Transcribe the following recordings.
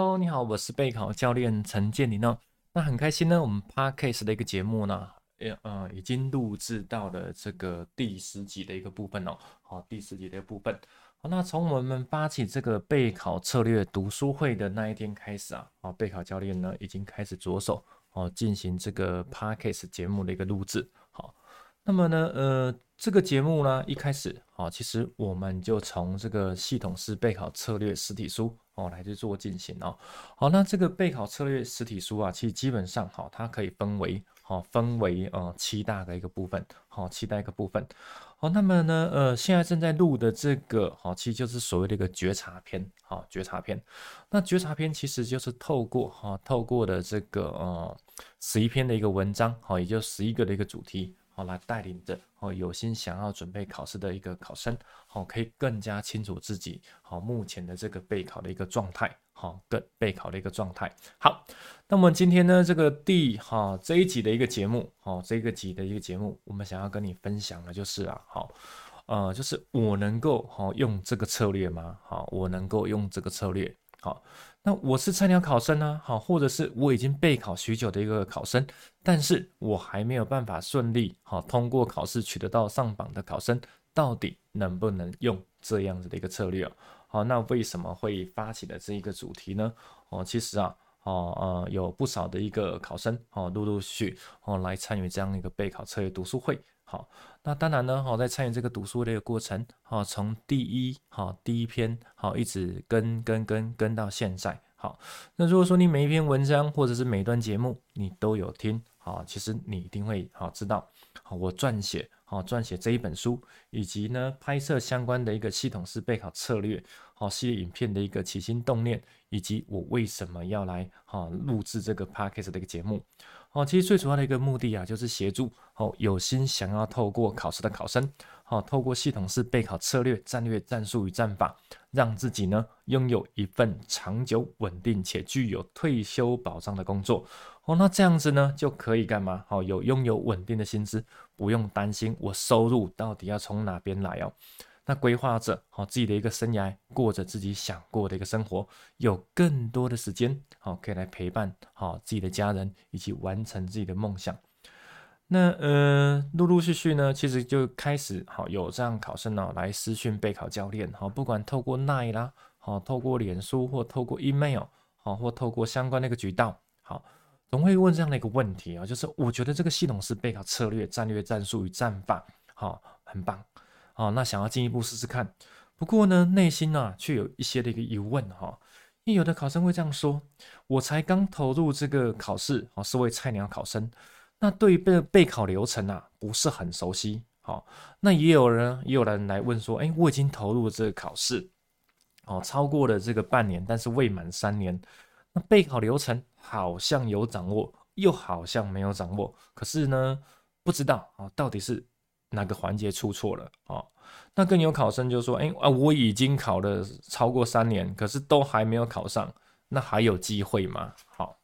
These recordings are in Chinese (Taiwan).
Hello，你好，我是備考教練陳建林哦。那很開心呢，我們 Podcast 的一個節目呢，呃，已經錄製到了這個第十集的一個部分哦。好、哦，第十集的一個部分。好，那從我們發起這個備考策略讀書會的那一天開始啊，好、哦，備考教練呢已經開始着手哦，進行這個 Podcast 節目的一個錄製。好，那麼呢，呃，這個節目呢一開始啊、哦，其實我們就從這個系統式備考策略實體書。哦，來去做進行哦。好，那這個備考策略實體書啊，其實基本上好，它可以分為好、哦，分為呃七大的一個部分。好、哦，七大一個部分。好，那麼呢，呃，現在正在錄的這個好、哦，其實就是所謂的一個覺察篇。好、哦，覺察篇。那覺察篇其實就是透過哈、哦，透過的這個呃十一篇的一個文章，好、哦，也就十一個的一個主題。好，來帶領着、哦，有心想要準備考試的一個考生，好、哦，可以更加清楚自己，好、哦、目前的這個備考的一個狀態，好、哦，個備考的一個狀態。好，那麼今天呢，這個第哈、哦、這一集的一個節目，好、哦，這個集的一個節目，我們想要跟你分享的就是啊，好、哦，呃，就是我能夠、哦、用這個策略嗎？好、哦，我能夠用這個策略好。哦那我是菜鳥考生呢，好，或者是我已經備考許久的一個考生，但是我還沒有辦法順利好通過考試取得到上榜的考生，到底能不能用這樣子的一個策略哦，好，那為什麼會發起的這一個主題呢？哦，其實啊，哦呃，有不少的一個考生哦，陸陸續續哦來參與這樣一個備考策略讀書會。好，那當然呢，我在參與這個讀書類的過程，哈，從第一，哈，第一篇，哈，一直跟跟跟跟到現在，好，那如果說你每一篇文章或者是每一段節目你都有聽，哈，其實你一定會，哈，知道。我撰寫，好、哦、撰寫這一本書，以及呢拍攝相關的一個系統式備考策略，好、哦、系列影片的一個起心動念，以及我為什麼要來，哈錄製這個 podcast 的一個節目、哦，其實最主要的一個目的啊，就是協助、哦，有心想要透過考試的考生。好，透過系統式備考策略、戰略、戰術與戰法，讓自己呢擁有一份長久穩定且具有退休保障的工作。哦，那這樣子呢就可以幹嘛？好、哦，有擁有穩定的薪資，不用擔心我收入到底要從哪邊來哦。那規劃着好、哦、自己的一個生涯，過着自己想過的一個生活，有更多的時間好、哦、可以來陪伴好、哦、自己的家人，以及完成自己的夢想。那呃，陸陸續續呢，其實就開始好有這樣考生呢、啊、來私訊備考教練，好，不管透過奈啦，好，透過臉書或透過 email，好，或透過相關的一個渠道，好，總會問這樣的一個問題啊，就是我覺得這個系統式備考策略、戰略、戰術與戰法，好，很棒，好，那想要進一步試試看，不過呢，內心呢、啊、卻有一些的一個疑問哈，因為有的考生會這樣說，我才剛投入這個考試，好，是位菜鳥考生。那對於備備考流程啊，不是很熟悉，好、哦，那也有人也有人來問說，哎、欸，我已經投入這個考試，哦，超過了這個半年，但是未滿三年，那備考流程好像有掌握，又好像沒有掌握，可是呢，不知道啊、哦，到底是哪個環節出錯了哦，那更有考生就說，哎、欸、啊，我已經考了超過三年，可是都還沒有考上，那還有機會嗎？好、哦。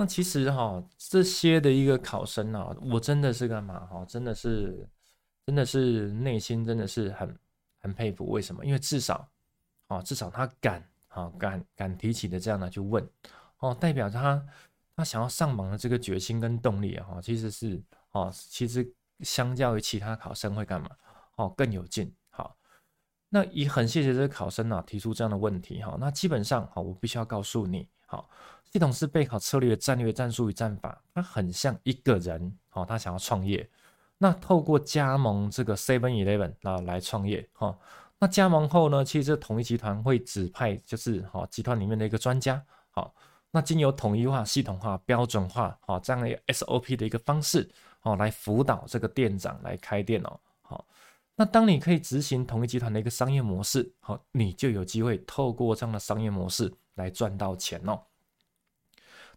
那其實哈、哦，這些的一個考生呢、哦，我真的是幹嘛哈？真的是，真的是內心真的是很很佩服。為什麼？因為至少，哦，至少他敢，啊、哦、敢敢提起的這樣的去問，哦，代表着他他想要上榜的這個決心跟動力啊、哦，其實是哦，其實相較於其他考生會幹嘛，哦，更有勁。那也很謝謝這個考生呢、啊、提出這樣的問題哈、哦。那基本上哈、哦，我必須要告訴你，哈、哦，系統式備考策略的戰略、戰術與戰法，它很像一個人，哈、哦，他想要創業，那透過加盟這個 Seven Eleven 那來創業哈、哦。那加盟後呢，其實這統一集團會指派就是哈、哦，集團裡面的一個專家，哈、哦，那經由統一化、系統化、標準化，哈、哦，這樣的 SOP 的一個方式，哦，來輔導這個店長來開店哦。那當你可以執行同一集團的一個商業模式，好，你就有機會透過這樣的商業模式來賺到錢哦。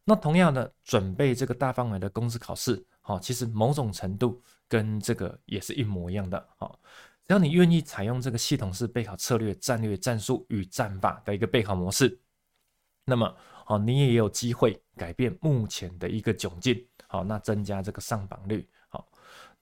那同樣的，準備這個大範圍的公職考試，好，其實某種程度跟這個也是一模一樣的。好，只要你願意採用這個系統式備考策略、戰略、戰術與戰法的一個備考模式，那麼，好，你也有機會改變目前的一個窘境，好，那增加這個上榜率。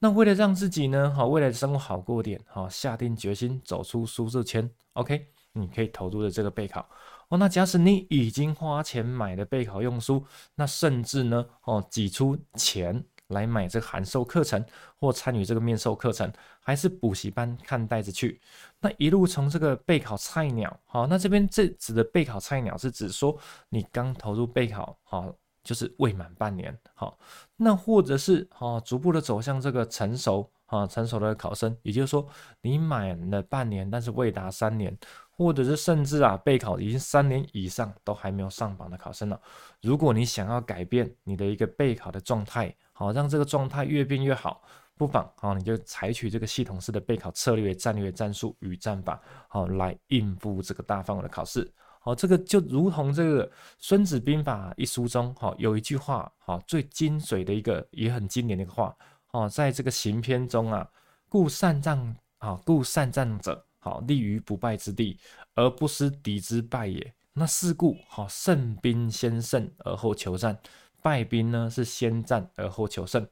那為了讓自己呢，哈、哦，未來的生活好過點，哈、哦，下定決心走出舒適圈，OK，你可以投入的這個備考哦。那假使你已經花錢買了備考用書，那甚至呢，哦，擠出錢來買這個函授課程或參與這個面授課程，還是補習班看帶子去。那一路從這個備考菜鳥，好、哦，那這邊這指的備考菜鳥是指說你剛投入備考，好、哦。就是未滿半年，好，那或者是啊逐步的走向這個成熟啊，成熟的考生，也就是說你滿了半年，但是未達三年，或者是甚至啊備考已經三年以上都還沒有上榜的考生了，如果你想要改變你的一個備考的狀態，好讓這個狀態越變越好，不妨啊你就採取這個系統式的備考策略、戰略、戰術與戰法，好來應付這個大範圍的考試。好，這個就如同這個《孫子兵法》一書中，哈，有一句話，好，最精髓的一個，也很經典的一個話，哦，在這個形篇中啊，故善戰啊，故善戰者，好，立於不敗之地，而不失敵之敗也。那是故，好，勝兵先勝而後求戰，敗兵呢是先戰而後求勝。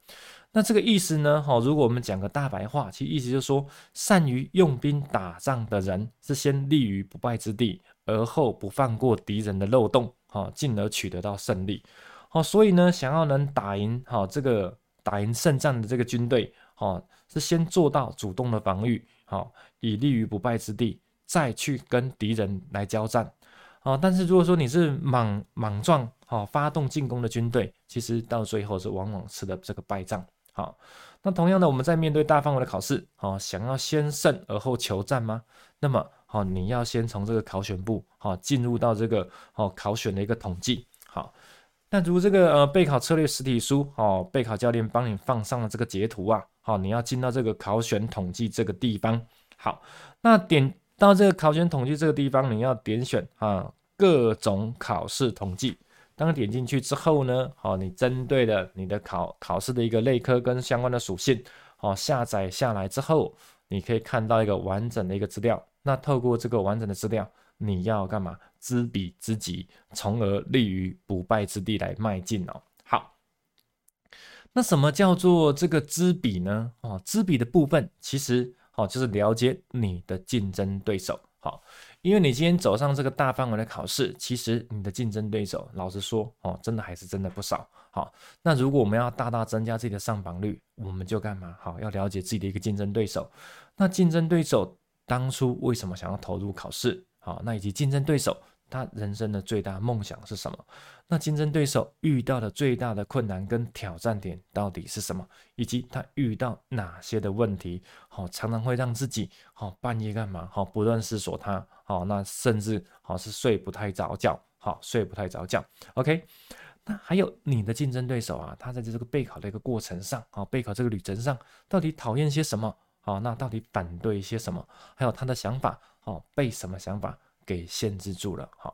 那這個意思呢，好，如果我們講個大白話，其實意思就是說，善於用兵打仗的人是先立於不敗之地。而後不放過敵人的漏洞，哈、哦，進而取得到勝利，哦，所以呢，想要能打贏，好、哦、這個打贏勝仗的這個軍隊，哦，是先做到主動的防禦，好、哦，以立於不敗之地，再去跟敵人來交戰，啊、哦，但是如果說你是莽莽撞，哈、哦，發動進攻的軍隊，其實到最後是往往吃了這個敗仗，好、哦，那同樣的，我們在面對大範圍的考試，哦，想要先勝而後求戰嗎？那麼。好、哦，你要先從這個考選部哈、哦、進入到這個哦考選的一個統計。好，那如果這個呃備考策略實體書哦，備考教練幫你放上了這個截圖啊，好、哦，你要進到這個考選統計這個地方。好，那點到這個考選統計這個地方，你要點選啊各種考試統計。當你點進去之後呢，好、哦，你針對的你的考考試的一個類科跟相關的屬性，好、哦、下載下來之後，你可以看到一個完整的一個資料。那透過這個完整的資料，你要幹嘛？知彼知己，從而立於不敗之地來邁進哦。好，那什麼叫做這個知彼呢？哦，知彼的部分，其實哦，就是了解你的競爭對手。好，因為你今天走上這個大範圍的考試，其實你的競爭對手，老實說哦，真的還是真的不少。好，那如果我們要大大增加自己的上榜率，我們就幹嘛？好，要了解自己的一個競爭對手。那競爭對手。當初為什麼想要投入考試？好，那以及競爭對手他人生的最大夢想是什麼？那競爭對手遇到的最大的困難跟挑戰點到底是什麼？以及他遇到哪些的問題？好，常常會讓自己好半夜幹嘛？好，不斷思索他好，那甚至好是睡不太着覺，好睡不太着覺。OK，那還有你的競爭對手啊，他在這個備考的一個過程上，啊備考這個旅程上，到底討厭些什麼？好、哦，那到底反對一些什麼？還有他的想法，哦，被什麼想法給限制住了？好、哦，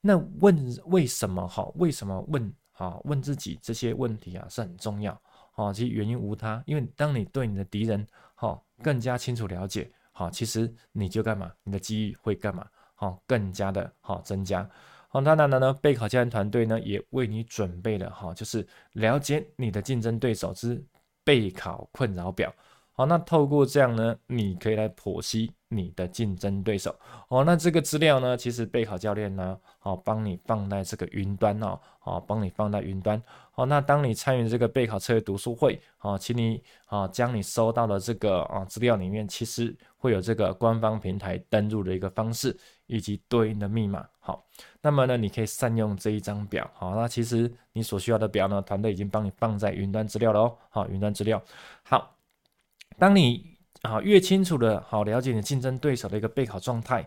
那問為什麼？哈、哦，為什麼問？哈、哦，問自己這些問題啊，是很重要。好、哦，其實原因無他，因為當你對你的敵人，哈、哦，更加清楚了解，好、哦，其實你就幹嘛？你的機遇會幹嘛？好、哦，更加的，好、哦、增加。好、哦，那那呢？備考教研團隊呢也為你準備了，哈、哦，就是了解你的競爭對手之備考困擾表。好，那透過這樣呢，你可以來剖析你的競爭對手。哦，那這個資料呢，其實備考教練呢，好、哦、幫你放在這個雲端哦，好、哦，幫你放在雲端。好、哦，那當你參與這個備考策略讀書會，好、哦，請你啊、哦、將你收到的這個啊、哦、資料裡面，其實會有這個官方平台登錄的一個方式以及對應的密碼。好，那麼呢，你可以善用這一張表。好、哦，那其實你所需要的表呢，團隊已經幫你放在雲端資料了哦。好、哦，雲端資料。好。當你啊越清楚地，好了解你競爭對手的一個備考狀態，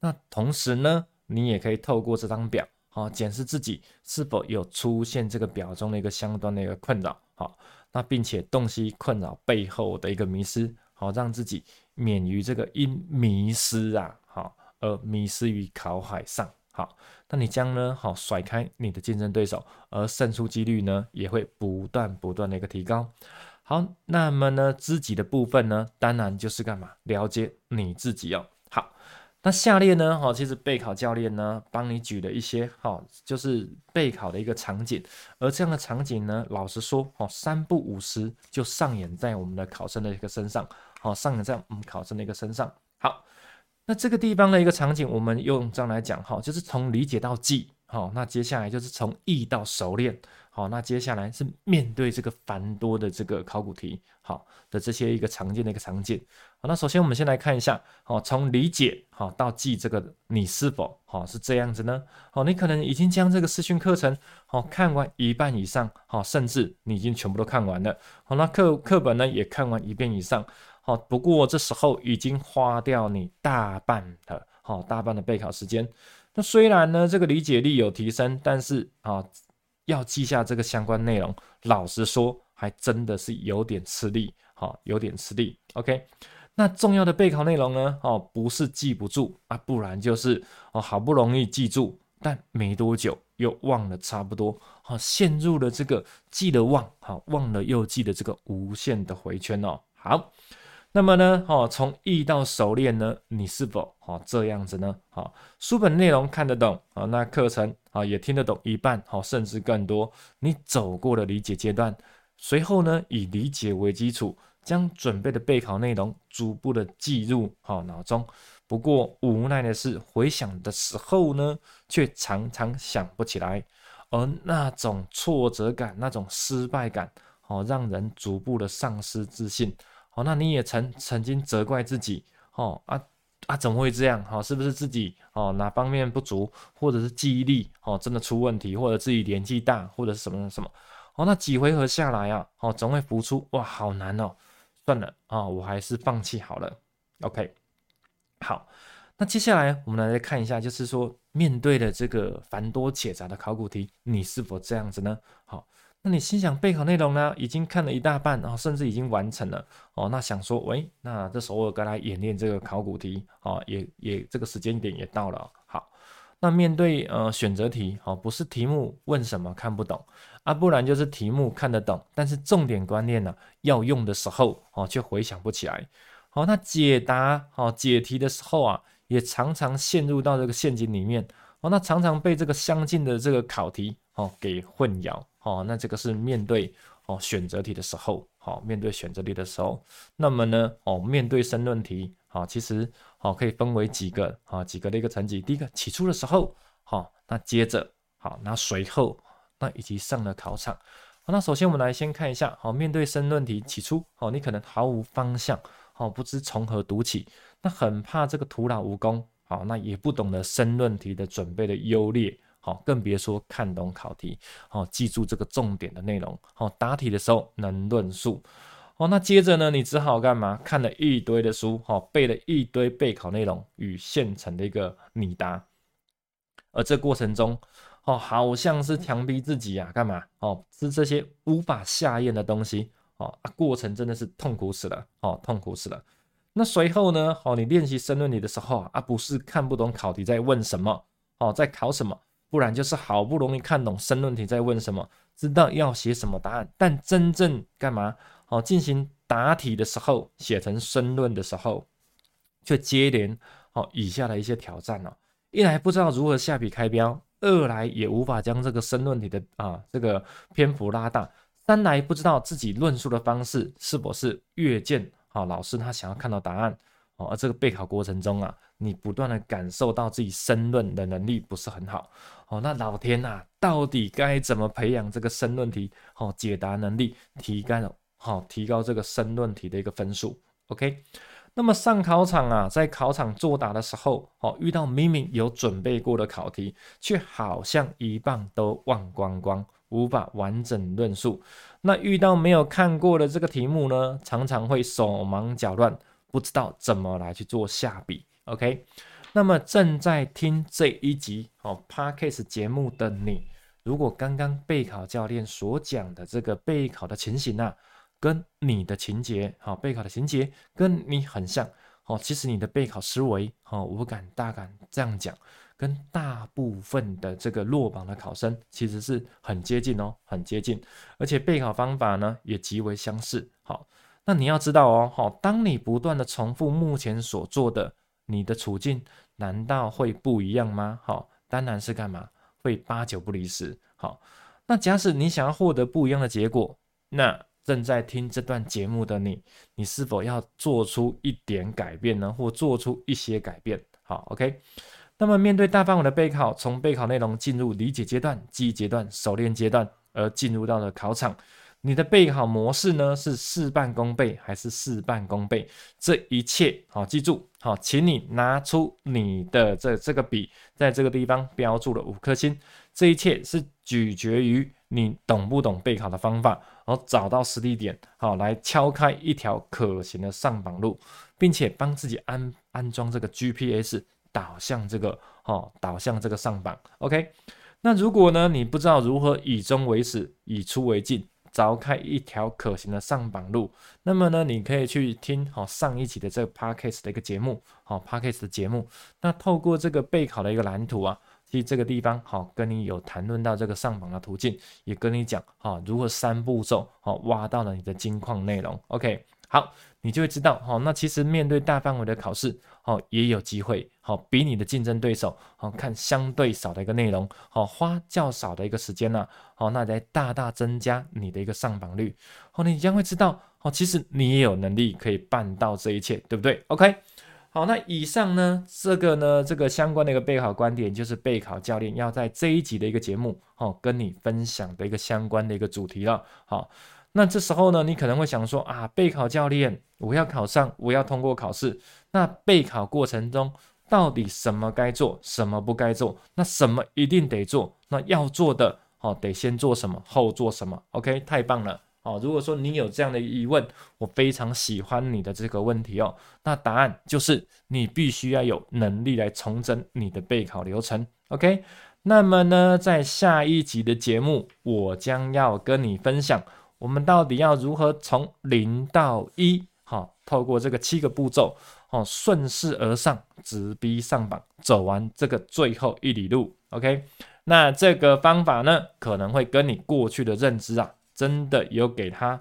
那同時呢，你也可以透過這張表，好檢視自己是否有出現這個表中的一個相關的一個困擾，好，那並且洞悉困擾背後的一個迷思，好，讓自己免於這個因迷失啊，好而迷失於考海上，好，那你將呢，好甩開你的競爭對手，而勝出幾率呢也會不斷不斷的一個提高。好，那麼呢，知己的部分呢，當然就是幹嘛，了解你自己哦。好，那下列呢，好，其實備考教練呢，幫你舉了一些，哈，就是備考的一個場景。而這樣的場景呢，老實說，哦，三不五時就上演在我們的考生的一個身上，好，上演在我們考生的一個身上。好，那這個地方的一個場景，我們用這樣來講，哈，就是從理解到記。好，那接下來就是從易到熟練。好，那接下來是面對這個繁多的這個考古題，好的這些一個常見的一個場景。好，那首先我們先來看一下，好，從理解好到記這個，你是否好是這樣子呢？好，你可能已經將這個視訊課程好看完一半以上，好，甚至你已經全部都看完了。好，那課課本呢也看完一遍以上。好，不過這時候已經花掉你大半的，好大半的備考時間。那雖然呢，這個理解力有提升，但是啊、哦，要記下這個相關內容，老實說，還真的是有點吃力，好、哦，有點吃力。OK，那重要的備考內容呢，哦，不是記不住啊，不然就是哦，好不容易記住，但沒多久又忘了，差不多，好、哦，陷入了這個記得忘，好、哦、忘了又記得這個無限的回圈，哦，好。那麼呢，哦，從易到熟練呢，你是否哦這樣子呢？哦，書本內容看得懂啊，那課程啊也聽得懂一半，好，甚至更多。你走過了理解階段，隨後呢，以理解為基礎，將準備的備考內容逐步的記入哦腦中。不過無奈的是，回想的時候呢，卻常常想不起來，而那種挫折感、那種失敗感，哦，讓人逐步的喪失自信。哦，那你也曾曾經責怪自己，哦，啊啊，怎麼會這樣？好、哦，是不是自己哦哪方面不足，或者是記憶力哦真的出問題，或者自己年紀大，或者是什麼什麼？哦，那幾回合下來啊，哦，總會浮出，哇，好難哦，算了哦，我還是放棄好了。OK，好，那接下來我們來看一下，就是說面對的這個繁多且雜的考古題，你是否這樣子呢？好、哦。那你心想備考內容呢，已經看了一大半，然後，甚至已經完成了哦。那想說，喂、欸，那這時候我該來演練這個考古題哦，也也這個時間點也到了。好，那面對呃選擇題，好，不是題目問什麼看不懂啊，不然就是題目看得懂，但是重點觀念呢、啊、要用的時候哦卻回想不起來。好，那解答哦，解題的時候啊，也常常陷入到這個陷阱裡面哦，那常常被這個相近的這個考題哦給混淆。哦，那這個是面對哦選擇題的時候，好、哦，面對選擇題的時候，那麼呢，哦，面對申論題，好、哦，其實好、哦、可以分為幾個啊、哦、幾個的一個層級。第一個起初的時候，好、哦，那接着好、哦，那隨後那以及上了考場，好、哦，那首先我們來先看一下，好、哦，面對申論題起初，好、哦，你可能毫無方向，好、哦，不知從何讀起，那很怕這個徒勞無功，好、哦，那也不懂得申論題的準備的優劣。好，更別說看懂考題，好記住這個重點的內容，好答題的時候能論述。哦，那接着呢，你只好幹嘛？看了一堆的書，哈，背了一堆備考內容與現成的一個擬答，而這過程中，哦，好像是強逼自己呀、啊，幹嘛？哦，吃這些無法下咽的東西，哦，啊，過程真的是痛苦死了，哦，痛苦死了。那隨後呢，哦，你練習申論題的時候啊，不是看不懂考題在問什麼，哦，在考什麼？不然就是好不容易看懂申論題在問什麼，知道要寫什麼答案，但真正幹嘛？哦，進行答題的時候，寫成申論的時候，卻接連哦以下的一些挑戰哦：一來不知道如何下筆開標，二來也無法將這個申論題的啊這個篇幅拉大，三來不知道自己論述的方式是否是閱卷啊老師他想要看到答案。哦，這個備考過程中啊，你不斷地感受到自己申論的能力不是很好哦。那老天吶、啊，到底該怎麼培養這個申論題好、哦、解答能力，提高好、哦、提高這個申論題的一個分數？OK，那麼上考場啊，在考場作答的時候哦，遇到明明有準備過的考題，卻好像一半都忘光光，無法完整論述。那遇到沒有看過的這個題目呢，常常會手忙腳亂。不知道怎麼來去做下筆，OK？那麼正在聽這一集哦 Podcast 節目的你，如果剛剛備考教練所講的這個備考的情形呢、啊，跟你的情節，好、哦、備考的情節跟你很像，好、哦，其實你的備考思維，好、哦，我敢大膽這樣講，跟大部分的這個落榜的考生其實是很接近哦，很接近，而且備考方法呢也極為相似，好、哦。那你要知道哦，好，當你不斷地重複目前所做的，你的處境難道會不一樣嗎？好，當然是幹嘛，會八九不離十。好，那假使你想要獲得不一樣的結果，那正在聽這段節目的你，你是否要做出一點改變呢？或做出一些改變？好，OK。那麼面對大範圍的備考，從備考內容進入理解階段、記憶階段、熟練階段，而進入到了考場。你的備考模式呢，是事半功倍還是事半功倍？這一切好、哦、記住好、哦，請你拿出你的這這個筆，在這個地方標注了五顆星。這一切是取決於你懂不懂備考的方法，然、哦、找到實地點，好、哦、來敲開一條可行的上榜路，並且幫自己安安裝這個 GPS 導向這個，好、哦、導向這個上榜。OK，那如果呢你不知道如何以終為始，以出為進？鑿開一條可行的上榜路，那麼呢，你可以去聽好、哦、上一期的這個 Podcast 的一個節目，好、哦、Podcast 的節目，那透過這個備考的一個藍圖啊，去這個地方好、哦、跟你有談論到這個上榜的途徑，也跟你講好、哦、如何三步驟好、哦、挖到了你的金礦內容，OK，好，你就會知道好、哦，那其實面對大範圍的考試，哦也有機會。哦，比你的競爭對手好，看相對少的一個內容，好，花較少的一個時間呢、啊，好，那再大大增加你的一個上榜率，好，你將會知道，哦，其實你也有能力可以辦到這一切，對不對？OK，好那以上呢這個呢這個相關的一個備考觀點，就是備考教練要在這一集的一個節目哦，跟你分享的一個相關的一個主題了。好，那這時候呢你可能會想說啊，備考教練，我要考上，我要通過考試，那備考過程中。到底什麼該做，什麼不該做？那什麼一定得做？那要做的，哦，得先做什麼，後做什麼？OK，太棒了哦，如果說你有這樣的疑問，我非常喜歡你的這個問題哦。那答案就是，你必須要有能力來重整你的備考流程。OK，那麼呢，在下一集的節目，我將要跟你分享，我們到底要如何從零到一。好，透過這個七個步驟，哦，順勢而上，直逼上榜，走完這個最後一里路。OK，那這個方法呢，可能會跟你過去的認知啊，真的有給它，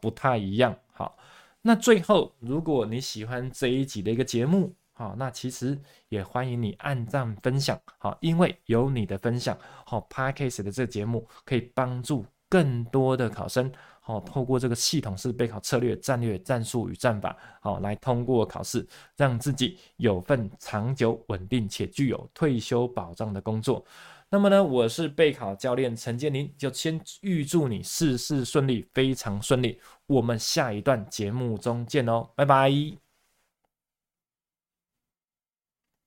不太一樣。好，那最後，如果你喜歡這一集的一個節目，好，那其實也歡迎你按讚分享，好，因為有你的分享，好，Podcast 的這個節目可以幫助更多的考生。哦，透過這個系統式備考策略、戰略、戰術與戰法，好來通過考試，讓自己有份長久穩定且具有退休保障的工作。那麼呢，我是備考教練陳建林，就先預祝你事事順利，非常順利。我們下一段節目中見哦，拜拜。